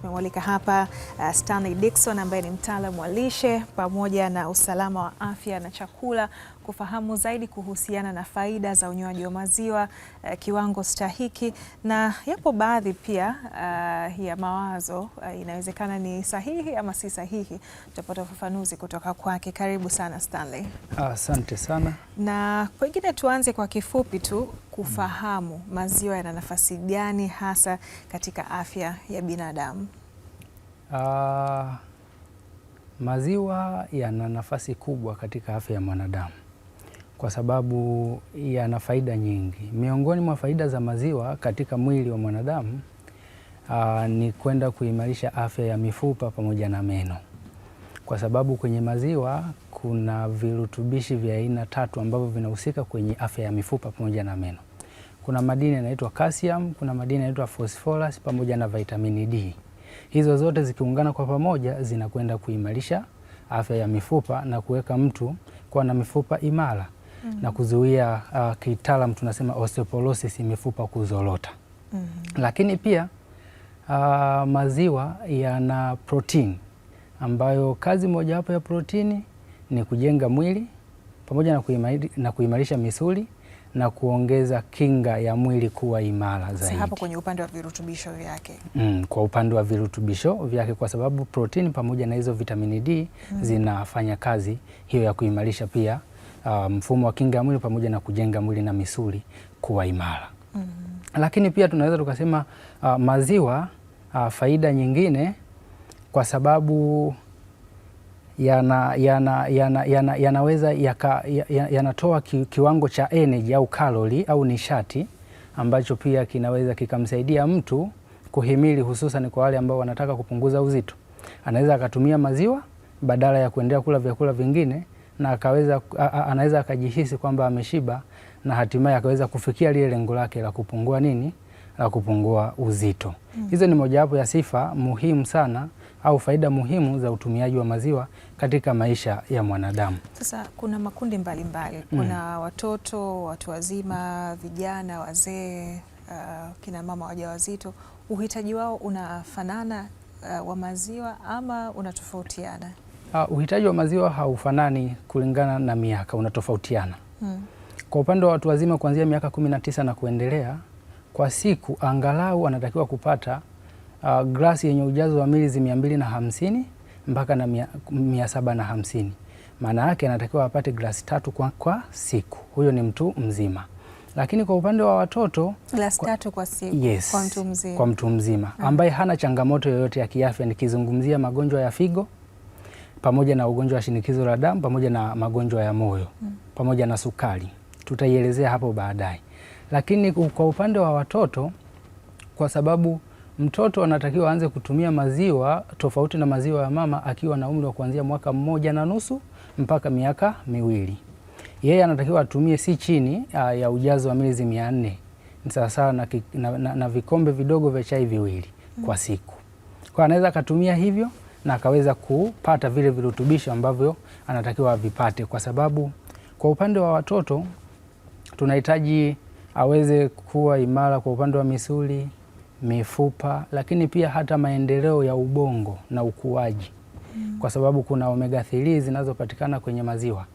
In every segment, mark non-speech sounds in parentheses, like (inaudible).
Tumemwalika hapa uh, Stanley Dickson ambaye ni mtaalamu wa lishe pamoja na usalama wa afya na chakula kufahamu zaidi kuhusiana na faida za unywaji wa maziwa uh, kiwango stahiki na yapo baadhi pia uh, ya mawazo uh, inawezekana ni sahihi ama si sahihi. Tutapata ufafanuzi kutoka kwake. Karibu sana Stanley. Asante ah, sana. Na pengine tuanze kwa kifupi tu kufahamu maziwa yana nafasi gani hasa katika afya ya binadamu? Ah, maziwa yana nafasi kubwa katika afya ya mwanadamu kwa sababu yana faida nyingi. Miongoni mwa faida za maziwa katika mwili wa mwanadamu aa, ni kwenda kuimarisha afya ya mifupa pamoja na meno, kwa sababu kwenye maziwa kuna virutubishi vya aina tatu ambavyo vinahusika kwenye afya ya mifupa pamoja na meno. Kuna madini yanaitwa calcium, kuna madini yanaitwa phosphorus pamoja na vitamini D. Hizo zote zikiungana kwa pamoja zinakwenda kuimarisha afya ya mifupa na kuweka mtu kuwa na mifupa imara na kuzuia uh, kitaalamu tunasema osteoporosis, mifupa kuzorota mm -hmm. lakini pia uh, maziwa yana protini ambayo kazi mojawapo ya protini ni kujenga mwili pamoja na, kuimari, na kuimarisha misuli na kuongeza kinga ya mwili kuwa imara zaidi. Hapo kwenye upande wa virutubisho vyake. Mm, kwa upande wa virutubisho vyake kwa sababu protini pamoja na hizo vitamini D mm, zinafanya kazi hiyo ya kuimarisha pia mfumo uh, mfumo wa kinga ya mwili pamoja na kujenga mwili na misuli kuwa imara. Mm Lakini pia tunaweza tukasema uh, maziwa uh, faida nyingine kwa sababu yanaweza yana, yana, yana, yanaweza yanatoa yana ki, kiwango cha energy au kalori au nishati ambacho pia kinaweza kikamsaidia mtu kuhimili, hususan kwa wale ambao wanataka kupunguza uzito, anaweza akatumia maziwa badala ya kuendelea kula vyakula vingine na akaweza, anaweza akajihisi kwamba ameshiba na hatimaye akaweza kufikia lile lengo lake la kupungua nini la kupungua uzito. Hmm. Hizo ni mojawapo ya sifa muhimu sana au faida muhimu za utumiaji wa maziwa katika maisha ya mwanadamu. Sasa kuna makundi mbalimbali mbali. Hmm. Kuna mm. watoto, watu wazima, vijana, wazee, uh, kina mama wajawazito, uhitaji wao unafanana uh, wa maziwa ama unatofautiana? Uh, uhitaji wa maziwa haufanani kulingana na miaka, unatofautiana hmm. Kwa upande wa watu wazima kuanzia miaka kumi na tisa na kuendelea, kwa siku angalau anatakiwa kupata uh, glasi yenye ujazo wa milizi mia na hamsini mpaka na mia, mia na hamsini. Maana yake anatakiwa apate glasi tatu kwa, kwa siku. Huyo ni mtu mzima, lakini kwa upande wa watoto glasi tatu kwa siku, yes, kwa mtu mzima, kwa mtu mzima hmm. ambaye hana changamoto yoyote ya kiafya, nikizungumzia magonjwa ya figo pamoja na ugonjwa wa shinikizo la damu pamoja na magonjwa ya moyo mm. pamoja na sukari tutaielezea hapo baadaye. Lakini kwa upande wa watoto, kwa sababu mtoto anatakiwa aanze kutumia maziwa tofauti na maziwa ya mama akiwa na umri wa kuanzia mwaka mmoja na nusu mpaka miaka miwili. Yeye anatakiwa atumie si chini ya ujazo wa milizi mia nne sawasawa na, na, na, na vikombe vidogo vya chai viwili mm. kwa siku, kwa anaweza akatumia hivyo na akaweza kupata vile virutubisho ambavyo anatakiwa avipate, kwa sababu kwa upande wa watoto tunahitaji aweze kuwa imara kwa upande wa misuli, mifupa, lakini pia hata maendeleo ya ubongo na ukuaji mm. kwa sababu kuna omega 3 zinazopatikana kwenye maziwa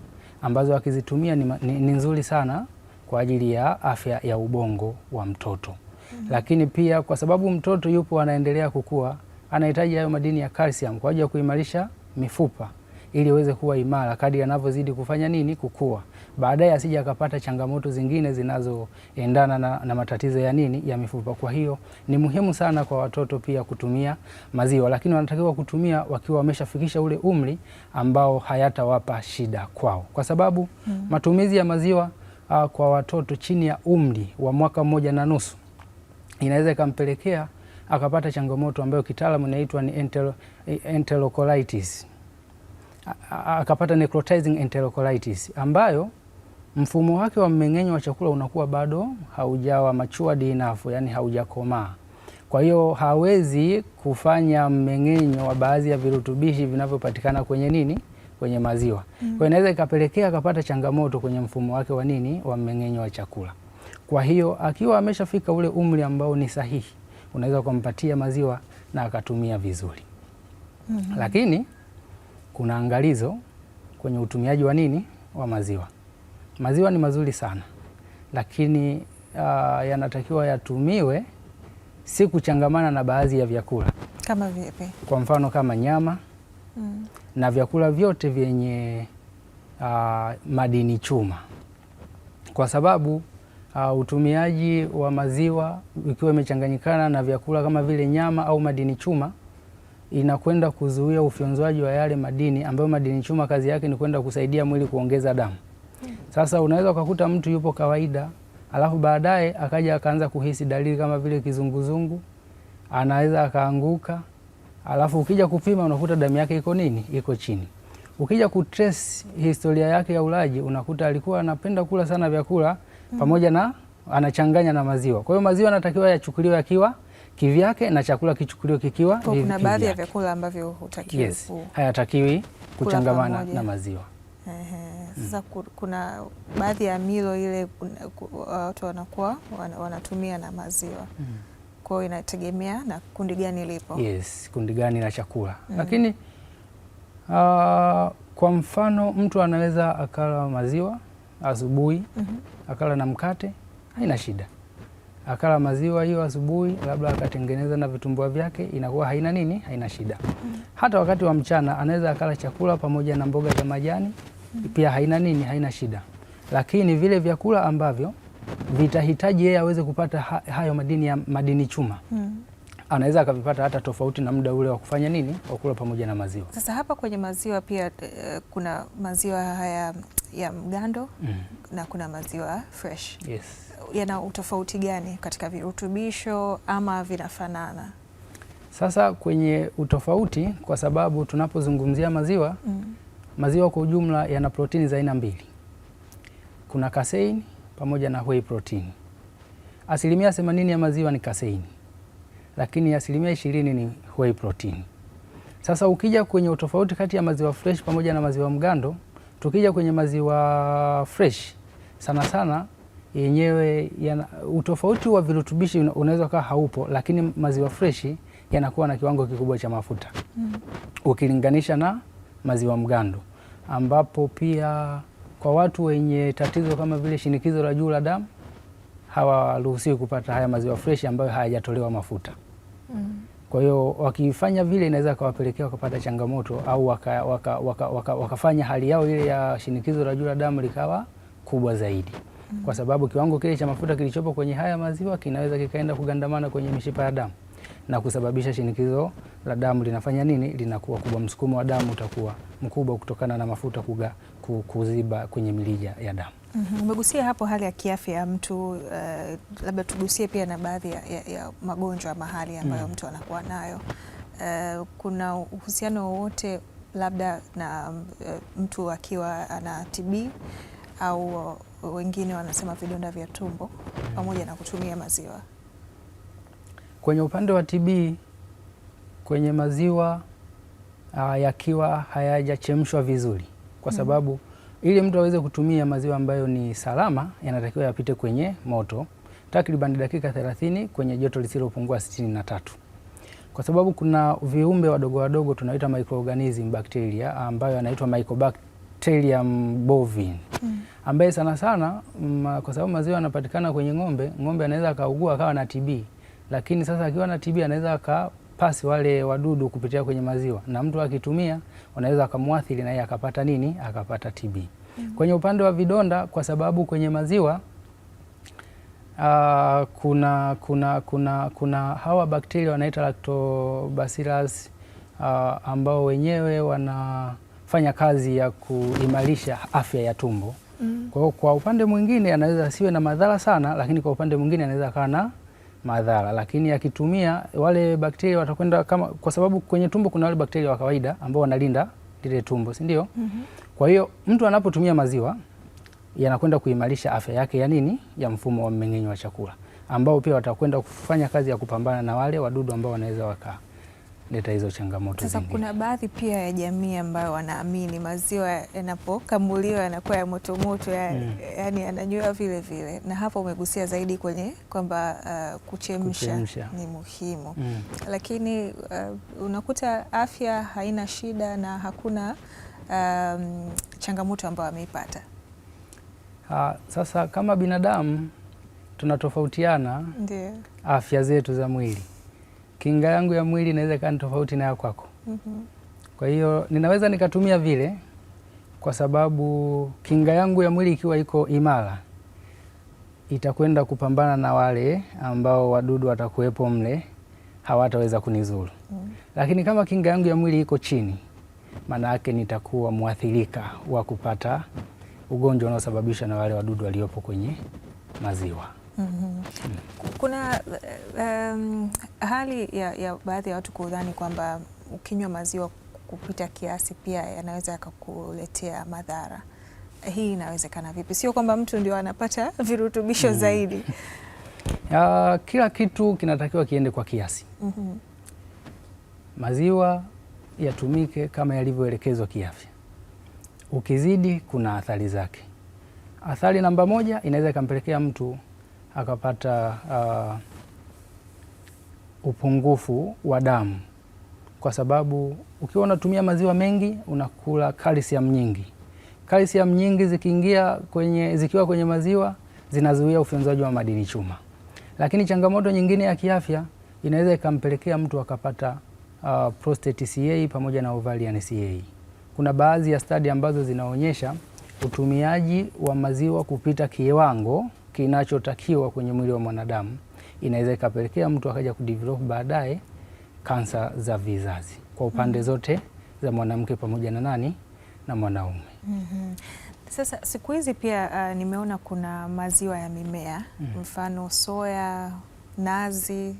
ambazo akizitumia ni, ni, ni nzuri sana kwa ajili ya afya ya ubongo wa mtoto mm. Lakini pia kwa sababu mtoto yupo anaendelea kukua, anahitaji hayo madini ya calcium kwa ajili ya kuimarisha mifupa ili aweze kuwa imara kadri anavyozidi kufanya nini, kukua. Baadaye asije akapata changamoto zingine zinazoendana na, na matatizo ya nini, ya mifupa. Kwa hiyo ni muhimu sana kwa watoto pia kutumia maziwa, lakini wanatakiwa kutumia wakiwa wameshafikisha ule umri ambao hayatawapa shida kwao, kwa sababu mm. matumizi ya maziwa uh, kwa watoto chini ya umri wa mwaka mmoja na nusu inaweza ikampelekea akapata changamoto ambayo kitaalamu inaitwa ni enterocolitis akapata necrotizing enterocolitis ambayo mfumo wake wa mmeng'enyo wa chakula unakuwa bado haujawa matured enough, yani haujakomaa. Kwa hiyo hawezi kufanya mmeng'enyo wa baadhi ya virutubishi vinavyopatikana kwenye nini, kwenye maziwa mm. Kwa inaweza ikapelekea akapata changamoto kwenye mfumo wake wa nini, wa mmeng'enyo wa chakula. Kwa hiyo akiwa ameshafika ule umri ambao ni sahihi unaweza ukampatia maziwa na akatumia vizuri. mm -hmm. Lakini kuna angalizo kwenye utumiaji wa nini wa maziwa. Maziwa ni mazuri sana, lakini uh, yanatakiwa yatumiwe si kuchangamana na baadhi ya vyakula. Kama vipi? Kwa mfano kama nyama mm. na vyakula vyote vyenye uh, madini chuma, kwa sababu uh, utumiaji wa maziwa ikiwa imechanganyikana na vyakula kama vile nyama au madini chuma inakwenda kuzuia ufyonzwaji wa yale madini ambayo madini chuma kazi yake ni kwenda kusaidia mwili kuongeza damu. Sasa unaweza ukakuta mtu yupo kawaida, alafu baadaye akaja akaanza kuhisi dalili kama vile kizunguzungu, anaweza akaanguka, alafu ukija kupima unakuta damu yake iko nini, iko chini. Ukija kutrace historia yake ya ulaji unakuta alikuwa anapenda kula sana vyakula Mm-hmm. pamoja na anachanganya na maziwa. Kwa hiyo maziwa anatakiwa yachukuliwe akiwa kivyake na chakula kichukuliwe kikiwa kivyake. Kuna baadhi ya vyakula ambavyo hutakiwi. Yes, hayatakiwi kuchangamana na maziwa. Mm. Sasa Kuna baadhi ya milo ile watu wanakuwa wanatumia na maziwa mm. Kwa hiyo inategemea na kundi gani lipo. Yes, kundi gani la chakula mm. Lakini uh, kwa mfano mtu anaweza akala maziwa asubuhi mm -hmm. akala na mkate haina shida, akala maziwa hiyo asubuhi, labda akatengeneza na vitumbua vyake, inakuwa haina nini, haina shida mm -hmm. hata wakati wa mchana anaweza akala chakula pamoja na mboga za majani mm -hmm. pia haina nini, haina shida, lakini vile vyakula ambavyo vitahitaji yeye aweze kupata hayo madini ya madini chuma mm -hmm anaweza akavipata hata tofauti na muda ule wa kufanya nini, wa kula pamoja na maziwa. Sasa hapa kwenye maziwa pia uh, kuna maziwa haya ya mgando mm, na kuna maziwa fresh yes. Yana utofauti gani katika virutubisho ama vinafanana? Sasa kwenye utofauti, kwa sababu tunapozungumzia maziwa mm, maziwa kwa ujumla yana protini za aina mbili, kuna kasein pamoja na whey protein. Asilimia 80 ya maziwa ni kasein, lakini asilimia ishirini ni whey protein. Sasa ukija kwenye utofauti kati ya maziwa fresh pamoja na maziwa mgando, tukija kwenye maziwa fresh sana sana yenyewe yana, utofauti wa virutubishi unaweza ukawa haupo, lakini maziwa fresh yanakuwa na kiwango kikubwa cha mafuta mm. ukilinganisha na maziwa mgando, ambapo pia kwa watu wenye tatizo kama vile shinikizo la juu la damu hawaruhusiwi kupata haya maziwa fresh ambayo hayajatolewa mafuta. Mm. Kwa hiyo wakifanya vile inaweza kawapelekea wakapata changamoto au wakafanya waka, waka, waka, waka hali yao ile ya shinikizo la juu la damu likawa kubwa zaidi mm. Kwa sababu kiwango kile cha mafuta kilichopo kwenye haya maziwa kinaweza kikaenda kugandamana kwenye mishipa ya damu na kusababisha shinikizo la damu linafanya nini, linakuwa kubwa, msukumo wa damu utakuwa mkubwa kutokana na mafuta kuga, kuziba kwenye milija ya damu. Mhm. Umegusia hapo hali ya kiafya ya mtu uh, labda tugusie pia na baadhi ya, ya, ya magonjwa ya mahali ambayo mm. mtu anakuwa nayo uh, kuna uhusiano wowote labda na uh, mtu akiwa ana TB au uh, wengine wanasema vidonda vya tumbo mm. pamoja mm. na kutumia maziwa? Kwenye upande wa TB, kwenye maziwa uh, yakiwa hayajachemshwa vizuri kwa mm. sababu mm. Ili mtu aweze kutumia maziwa ambayo ni salama, yanatakiwa yapite kwenye moto takriban dakika 30 kwenye joto lisilopungua 63, kwa sababu kuna viumbe wadogo wadogo tunaita microorganism bacteria, ambayo yanaitwa Mycobacterium bovine mm, ambaye sana sana m, mm, kwa sababu maziwa yanapatikana kwenye ng'ombe, ng'ombe anaweza akaugua akawa na TB, lakini sasa akiwa na TB anaweza aka pasi wale wadudu kupitia kwenye maziwa, na mtu akitumia anaweza akamwathiri na yeye akapata nini, akapata TB. -hmm. Kwenye upande wa vidonda, kwa sababu kwenye maziwa uh, kuna, kuna, kuna, kuna hawa bakteria wanaita lactobacillus uh, ambao wenyewe wanafanya kazi ya kuimarisha afya ya tumbo mm -hmm. Kwa hiyo kwa upande mwingine anaweza asiwe na madhara sana, lakini kwa upande mwingine anaweza akawa na madhara lakini akitumia wale bakteria watakwenda kama, kwa sababu kwenye tumbo kuna wale bakteria wa kawaida ambao wanalinda lile tumbo, si ndio? mm -hmm. Kwa hiyo mtu anapotumia maziwa yanakwenda kuimarisha afya yake ya nini, ya mfumo wa mmeng'enyo wa chakula, ambao pia watakwenda kufanya kazi ya kupambana na wale wadudu ambao wanaweza wakaa leta hizo changamoto. Sasa kuna baadhi pia ya jamii ambayo wanaamini maziwa yanapokamuliwa yanakuwa ya motomoto ya, mm. yani yananywewa vile vile, na hapo umegusia zaidi kwenye kwamba uh, kuchemsha, kuchemsha ni muhimu mm. lakini uh, unakuta afya haina shida na hakuna um, changamoto ambayo ameipata. Ha, sasa kama binadamu tunatofautiana afya zetu za mwili kinga yangu ya mwili inaweza ikawa ni tofauti na ya kwako. mm -hmm. Kwa hiyo ninaweza nikatumia vile, kwa sababu kinga yangu ya mwili ikiwa iko imara itakwenda kupambana na wale ambao wadudu watakuwepo mle, hawataweza kunizuru. mm. Lakini kama kinga yangu ya mwili iko chini, maana yake nitakuwa mwathirika wa kupata ugonjwa unaosababishwa na wale wadudu waliopo kwenye maziwa mm -hmm. Kuna um, hali ya, ya baadhi ya watu kudhani kwamba ukinywa maziwa kupita kiasi pia yanaweza yakakuletea madhara. Hii inawezekana vipi? Sio kwamba mtu ndio anapata (laughs) virutubisho mm -hmm. zaidi. Uh, kila kitu kinatakiwa kiende kwa kiasi mm -hmm. Maziwa yatumike kama yalivyoelekezwa kiafya. Ukizidi kuna athari zake. Athari namba moja inaweza ikampelekea mtu akapata uh, upungufu wa damu, kwa sababu ukiwa unatumia maziwa mengi unakula kalsiamu nyingi. Kalsiamu nyingi zikiingia kwenye, zikiwa kwenye maziwa zinazuia ufyonzaji wa madini chuma. Lakini changamoto nyingine ya kiafya inaweza ikampelekea mtu akapata uh, prostate CA pamoja na ovarian CA. Kuna baadhi ya stadi ambazo zinaonyesha utumiaji wa maziwa kupita kiwango kinachotakiwa kwenye mwili wa mwanadamu inaweza ikapelekea mtu akaja kudevelop baadaye kansa za vizazi kwa upande mm. zote za mwanamke pamoja na nani na mwanaume mm -hmm. Sasa siku hizi pia uh, nimeona kuna maziwa ya mimea mm -hmm. mfano soya, nazi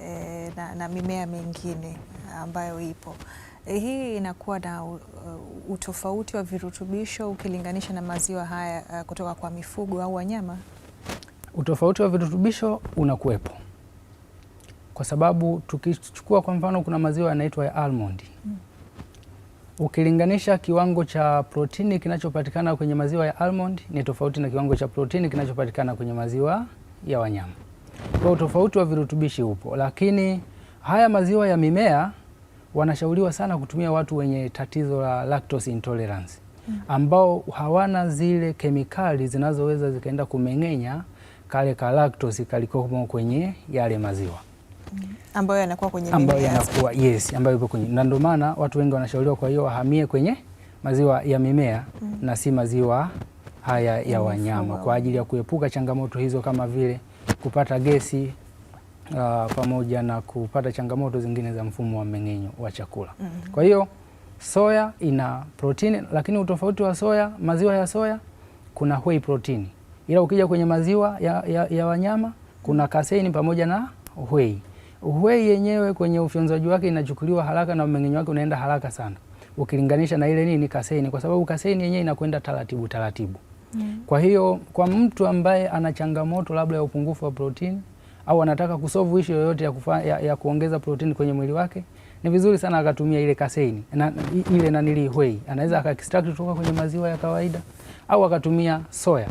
eh, na, na mimea mingine ambayo ipo eh, hii inakuwa na uh, utofauti wa virutubisho ukilinganisha na maziwa haya uh, kutoka kwa mifugo au wanyama utofauti wa virutubisho unakuwepo, kwa sababu tukichukua kwa mfano, kuna maziwa yanaitwa ya almond mm. Ukilinganisha kiwango cha protini kinachopatikana kwenye maziwa ya almond ni tofauti na kiwango cha protini kinachopatikana kwenye maziwa ya wanyama. Kwa utofauti wa virutubishi upo, lakini haya maziwa ya mimea wanashauriwa sana kutumia watu wenye tatizo la lactose intolerance ambao hawana zile kemikali zinazoweza zikaenda kumeng'enya kale ka lactose kalikomo kwenye yale maziwa ambayo yanakuwa kwenye ambayo yanakuwa yes, ambayo ipo kwenye, na ndio maana watu wengi wanashauriwa, kwa hiyo wahamie kwenye maziwa ya mimea mm. na si maziwa haya ya wanyama kwa ajili ya kuepuka changamoto hizo kama vile kupata gesi uh, pamoja na kupata changamoto zingine za mfumo wa mmeng'enyo wa chakula mm -hmm. Kwa hiyo soya ina protini, lakini utofauti wa soya, maziwa ya soya kuna whey protini ila ukija kwenye maziwa ya, ya, ya wanyama kuna kaseini pamoja na uhwei. Uhwei yenyewe kwenye ufyonzaji wake inachukuliwa haraka na mmeng'enyo wake unaenda haraka sana ukilinganisha na ile nini kaseini, kwa sababu kaseini yenyewe inakwenda taratibu taratibu. Mm. Kwa hiyo kwa mtu ambaye ana changamoto labda ya upungufu wa protini au anataka kusolve issue yoyote ya, kufa, ya, ya kuongeza protini kwenye mwili wake ni vizuri sana akatumia ile kaseini na, ile nanili hwei anaweza akakistract kutoka kwenye maziwa ya kawaida au akatumia soya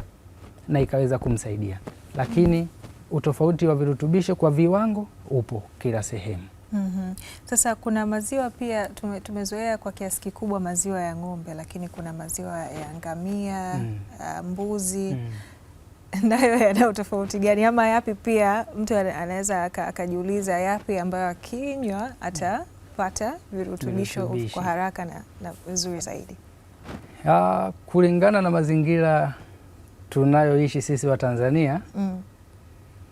na ikaweza kumsaidia, lakini utofauti wa virutubisho kwa viwango upo kila sehemu. Mm -hmm. Sasa kuna maziwa pia tume, tumezoea kwa kiasi kikubwa maziwa ya ng'ombe, lakini kuna maziwa ya ngamia mm. uh, mbuzi mm. (laughs) nayo yana tofauti gani ama yapi? Pia mtu anaweza akajiuliza yapi ambayo akinywa atapata virutubisho kwa haraka na vizuri zaidi. Uh, kulingana na mazingira tunayoishi sisi wa Tanzania mm.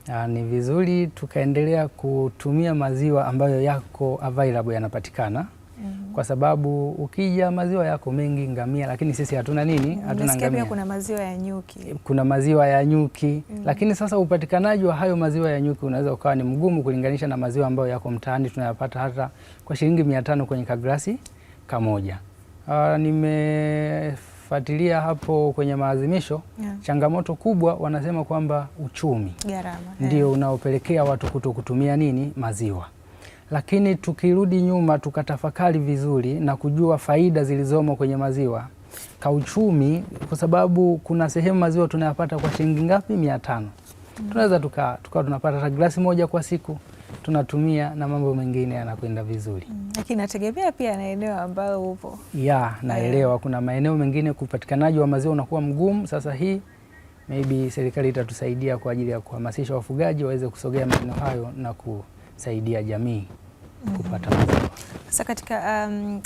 Aa, ah, ni vizuri tukaendelea kutumia maziwa ambayo yako available yanapatikana mm-hmm. Kwa sababu ukija maziwa yako mengi ngamia, lakini sisi hatuna nini, mm-hmm. hatuna ngamia. Kuna maziwa ya nyuki, kuna maziwa ya nyuki mm. Lakini sasa upatikanaji wa hayo maziwa ya nyuki unaweza ukawa ni mgumu kulinganisha na maziwa ambayo yako mtaani tunayapata hata kwa shilingi mia tano kwenye kaglasi kamoja. Ah, nime ukifuatilia hapo kwenye maazimisho yeah. Changamoto kubwa wanasema kwamba uchumi gharama ndio yeah. unaopelekea watu kuto kutumia nini maziwa, lakini tukirudi nyuma tukatafakari vizuri na kujua faida zilizomo kwenye maziwa kauchumi, kwa sababu kuna sehemu maziwa tunayapata kwa shilingi ngapi? mia tano mm. tunaweza tukawa tunapata hata glasi moja kwa siku tunatumia na mambo mengine yanakwenda vizuri, mm, lakini nategemea pia na eneo ambayo upo. Ya, eh. naelewa kuna maeneo mengine kupatikanaji wa maziwa unakuwa mgumu. Sasa hii maybe serikali itatusaidia kwa ajili ya kuhamasisha wafugaji waweze kusogea maeneo hayo na kusaidia jamii mm-hmm. kupata maziwa. Sasa katika um,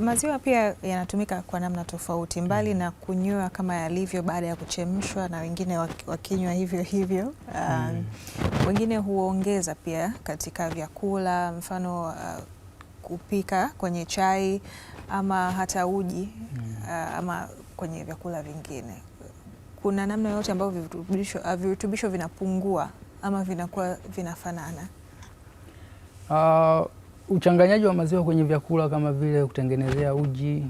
maziwa pia yanatumika kwa namna tofauti, mbali mm. na kunywa kama yalivyo baada ya kuchemshwa na wengine wakinywa hivyo hivyo um, mm. Wengine huongeza pia katika vyakula, mfano uh, kupika kwenye chai ama hata uji hmm. uh, ama kwenye vyakula vingine. Kuna namna yoyote ambavyo virutubisho, uh, virutubisho vinapungua ama vinakuwa vinafanana? Uh, uchanganyaji wa maziwa kwenye vyakula kama vile kutengenezea uji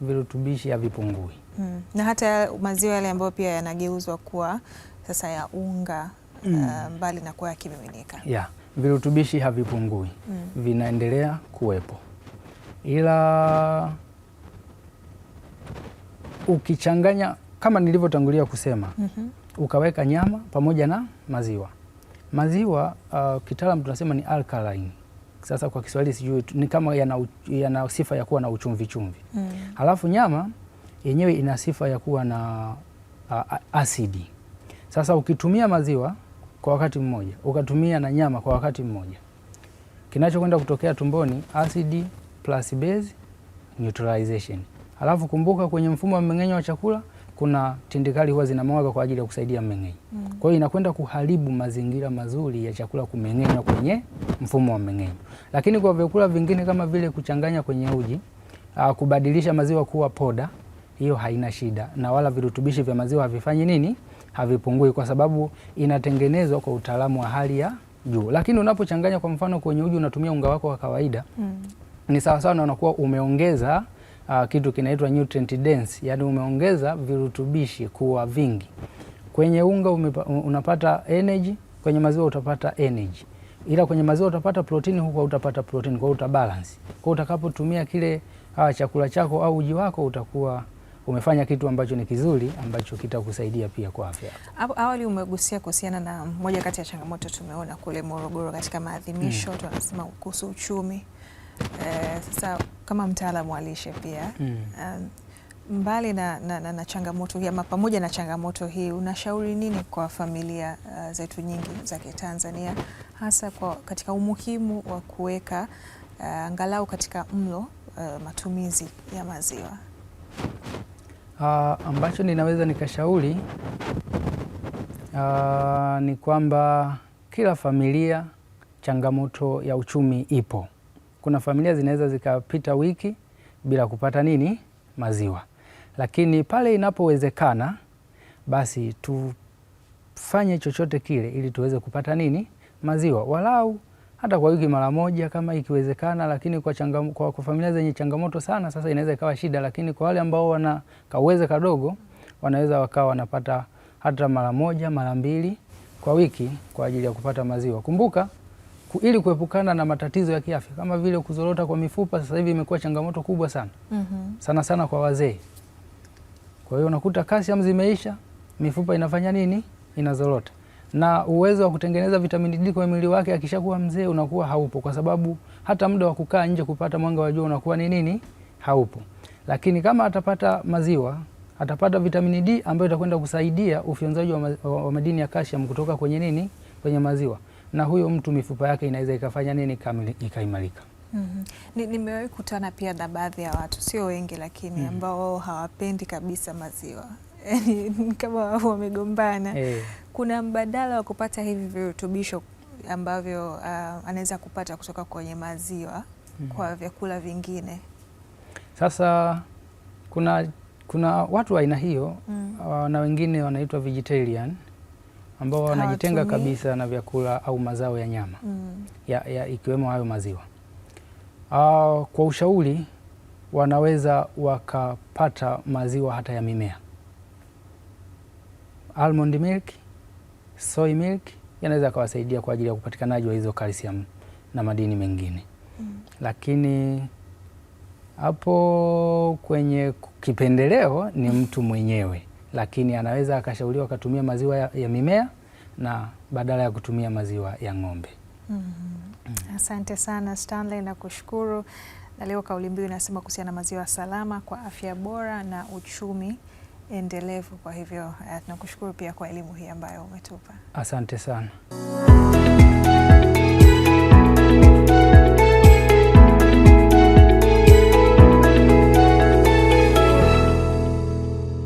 virutubishi havipungui. Hmm. Na hata maziwa yale ambayo pia yanageuzwa kuwa sasa ya unga mm. Eh, mbali na kuwa yakimiminika yeah. Virutubishi havipungui mm. vinaendelea kuwepo, ila ukichanganya kama nilivyotangulia kusema mm -hmm. ukaweka nyama pamoja na maziwa maziwa uh, kitaalam tunasema ni alkaline. Sasa kwa Kiswahili sijui ni kama yana, yana sifa ya kuwa na uchumvi chumvi mm. Halafu nyama yenyewe ina sifa ya kuwa na uh, asidi. Sasa ukitumia maziwa kwa wakati mmoja, ukatumia na nyama kwa wakati mmoja, kinachokwenda kutokea tumboni acid plus base neutralization. Alafu kumbuka kwenye mfumo wa mmeng'enyo wa chakula kuna tindikali huwa zinamwaga kwa ajili ya kusaidia mmeng'enyo. Mm. Kwa hiyo inakwenda kuharibu mazingira mazuri ya chakula kumeng'enywa kwenye mfumo wa mmeng'enyo. Lakini kwa vyakula vingine kama vile kuchanganya kwenye uji, uh, kubadilisha maziwa kuwa poda, hiyo haina shida na wala virutubishi vya maziwa havifanyi nini? havipungui kwa sababu inatengenezwa kwa utaalamu wa hali ya juu. Lakini unapochanganya kwa mfano kwenye uji unatumia unga wako wa kawaida mm. ni sawasawa na unakuwa umeongeza uh, kitu kinaitwa nutrient dense, yani umeongeza virutubishi kuwa vingi. Kwenye unga umipa, unapata energy, kwenye maziwa utapata energy ila kwenye maziwa utapata protini, huko utapata protini, kwa hiyo utabalance. Kwa hiyo utakapotumia kile uh, chakula chako au uji wako utakuwa umefanya kitu ambacho ni kizuri ambacho kitakusaidia pia kwa afya yako. Awali umegusia kuhusiana na moja kati ya changamoto tumeona kule Morogoro katika maadhimisho mm. tunasema kuhusu uchumi e, sasa kama mtaalamu wa lishe pia mm. um, mbali na, na, na, na changamoto hii ama pamoja na changamoto hii unashauri nini kwa familia uh, zetu nyingi za Kitanzania hasa kwa, katika umuhimu wa kuweka uh, angalau katika mlo uh, matumizi ya maziwa? Uh, ambacho ninaweza nikashauri uh, ni kwamba kila familia changamoto ya uchumi ipo. Kuna familia zinaweza zikapita wiki bila kupata nini maziwa, lakini pale inapowezekana basi tufanye chochote kile ili tuweze kupata nini maziwa walau hata kwa wiki mara moja kama ikiwezekana, lakini kwa, changam, kwa, kwa familia zenye changamoto sana sasa inaweza ikawa shida, lakini kwa wale ambao wana kauweze kadogo wanaweza wakawa wanapata hata mara moja mara mbili kwa wiki kwa ajili ya kupata maziwa. Kumbuka ili kuepukana na matatizo ya kiafya kama vile kuzorota kwa mifupa, sasa hivi imekuwa changamoto kubwa sana mm -hmm. sana sana kwa wazee. Kwa hiyo unakuta kalsiamu zimeisha, mifupa inafanya nini? Inazorota na uwezo wa kutengeneza vitamini D kwa mwili wake akishakuwa mzee unakuwa haupo, kwa sababu hata muda wa kukaa nje kupata mwanga wa jua unakuwa ni nini, haupo. Lakini kama atapata maziwa atapata vitamini D ambayo itakwenda kusaidia ufyonzaji wa, madini ya calcium kutoka kwenye nini, kwenye maziwa, na huyo mtu mifupa yake inaweza ikafanya nini, ikaimarika. Mm -hmm. Nimewahi kutana pia na baadhi ya watu, sio wengi, lakini mm-hmm. ambao hawapendi kabisa maziwa yani (laughs) kama wamegombana hey. Eh. Kuna mbadala wa kupata hivi virutubisho ambavyo uh, anaweza kupata kutoka kwenye maziwa -hmm. Kwa vyakula vingine sasa kuna, kuna watu wa aina hiyo mm. Uh, na wengine wanaitwa vegetarian ambao wanajitenga kabisa na vyakula au mazao ya nyama mm. ya, ya, ikiwemo hayo maziwa uh, kwa ushauri wanaweza wakapata maziwa hata ya mimea almond milk, soy milk yanaweza yakawasaidia kwa ajili ya upatikanaji wa hizo calcium na madini mengine mm. Lakini hapo kwenye kipendeleo ni mm. mtu mwenyewe, lakini anaweza akashauriwa akatumia maziwa ya, ya mimea na badala ya kutumia maziwa ya ng'ombe. mm mm. Asante sana Stanley, nakushukuru. Na leo kauli mbiu inasema kuhusiana na maziwa salama kwa afya bora na uchumi endelevu. Kwa hivyo eh, tunakushukuru pia kwa elimu hii ambayo umetupa. Asante sana.